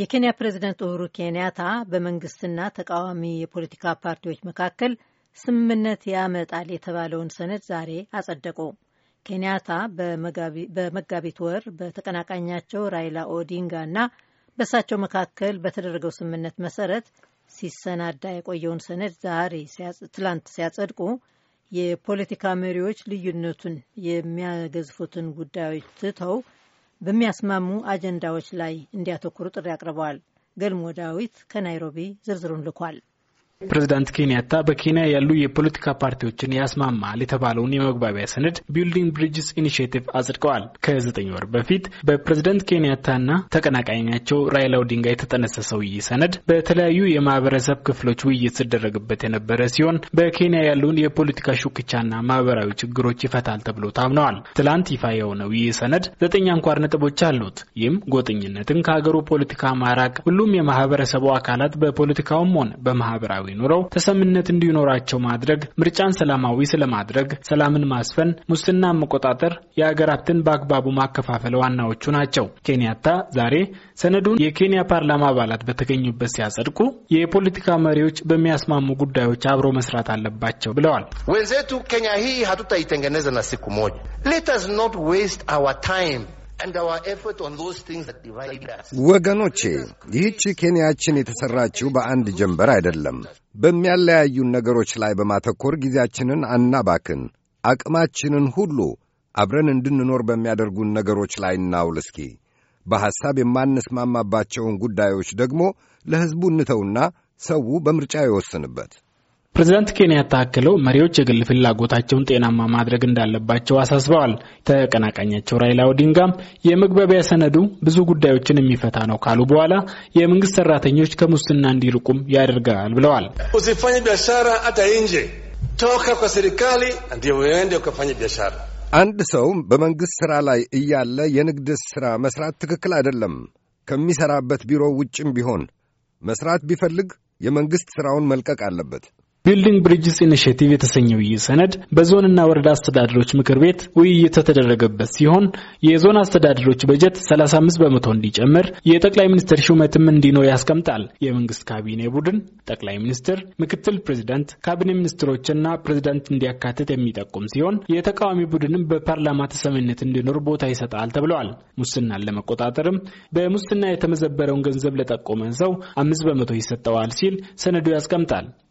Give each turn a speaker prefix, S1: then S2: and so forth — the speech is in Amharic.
S1: የኬንያ ፕሬዚደንት ኡሁሩ ኬንያታ በመንግስትና ተቃዋሚ የፖለቲካ ፓርቲዎች መካከል ስምምነት ያመጣል የተባለውን ሰነድ ዛሬ አጸደቁ። ኬንያታ በመጋቢት ወር በተቀናቃኛቸው ራይላ ኦዲንጋ እና በእሳቸው መካከል በተደረገው ስምምነት መሰረት ሲሰናዳ የቆየውን ሰነድ ዛሬ ትላንት ሲያጸድቁ የፖለቲካ መሪዎች ልዩነቱን የሚያገዝፉትን ጉዳዮች ትተው በሚያስማሙ አጀንዳዎች ላይ እንዲያተኩሩ ጥሪ አቅርበዋል። ገልሞ ዳዊት ከናይሮቢ ዝርዝሩን ልኳል።
S2: ፕሬዚዳንት ኬንያታ በኬንያ ያሉ የፖለቲካ ፓርቲዎችን ያስማማል የተባለውን የመግባቢያ ሰነድ ቢልዲንግ ብሪጅስ ኢኒሽቲቭ አጽድቀዋል። ከዘጠኝ ወር በፊት በፕሬዚዳንት ኬንያታና ተቀናቃኛቸው ራይላ ኦዲንጋ የተጠነሰሰው ይህ ሰነድ በተለያዩ የማህበረሰብ ክፍሎች ውይይት ሲደረግበት የነበረ ሲሆን በኬንያ ያለውን የፖለቲካ ሹክቻና ማህበራዊ ችግሮች ይፈታል ተብሎ ታምነዋል። ትላንት ይፋ የሆነው ይህ ሰነድ ዘጠኝ አንኳር ነጥቦች አሉት። ይህም ጎጠኝነትን ከሀገሩ ፖለቲካ ማራቅ፣ ሁሉም የማህበረሰቡ አካላት በፖለቲካውም ሆነ በማህበራዊ ኖረው ተሰምነት እንዲኖራቸው ማድረግ፣ ምርጫን ሰላማዊ ስለማድረግ፣ ሰላምን ማስፈን፣ ሙስናን መቆጣጠር፣ የአገራትን በአግባቡ ማከፋፈል ዋናዎቹ ናቸው። ኬንያታ ዛሬ ሰነዱን የኬንያ ፓርላማ አባላት በተገኙበት ሲያጸድቁ የፖለቲካ መሪዎች በሚያስማሙ ጉዳዮች አብሮ መስራት አለባቸው ብለዋል።
S3: ወንዘቱ ኬንያ ሂ ሀቱታ na siku moja. Let us not waste ወገኖቼ ይህች ኬንያችን የተሠራችው በአንድ ጀንበር አይደለም። በሚያለያዩን ነገሮች ላይ በማተኮር ጊዜያችንን አናባክን። አቅማችንን ሁሉ አብረን እንድንኖር በሚያደርጉን ነገሮች ላይ እናውል። እስኪ በሐሳብ የማንስማማባቸውን ጉዳዮች ደግሞ ለሕዝቡ እንተውና ሰው በምርጫ ይወስንበት።
S2: ፕሬዚዳንት ኬንያታ አክለው መሪዎች የግል ፍላጎታቸውን ጤናማ ማድረግ እንዳለባቸው አሳስበዋል። ተቀናቃኛቸው ራይላ ኦዲንጋም የመግባቢያ ሰነዱ ብዙ ጉዳዮችን የሚፈታ ነው ካሉ በኋላ የመንግስት ሰራተኞች ከሙስና እንዲርቁም ያደርጋል ብለዋል። አንድ
S3: ሰው በመንግሥት ሥራ ላይ እያለ የንግድ ሥራ መሥራት ትክክል አይደለም። ከሚሠራበት ቢሮ ውጭም ቢሆን መሥራት ቢፈልግ የመንግሥት ሥራውን መልቀቅ አለበት።
S2: ቢልዲንግ ብሪጅስ ኢኒሽቲቭ የተሰኘው ይህ ሰነድ በዞንና ወረዳ አስተዳደሮች ምክር ቤት ውይይት የተደረገበት ሲሆን የዞን አስተዳደሮች በጀት 35 በመቶ እንዲጨምር የጠቅላይ ሚኒስትር ሹመትም እንዲኖር ያስቀምጣል። የመንግስት ካቢኔ ቡድን ጠቅላይ ሚኒስትር፣ ምክትል ፕሬዚዳንት፣ ካቢኔ ሚኒስትሮችና ፕሬዚዳንት እንዲያካትት የሚጠቁም ሲሆን የተቃዋሚ ቡድንም በፓርላማ ተሰሚነት እንዲኖር ቦታ ይሰጣል ተብለዋል። ሙስናን ለመቆጣጠርም በሙስና የተመዘበረውን ገንዘብ ለጠቆመ ሰው አምስት በመቶ ይሰጠዋል ሲል ሰነዱ ያስቀምጣል።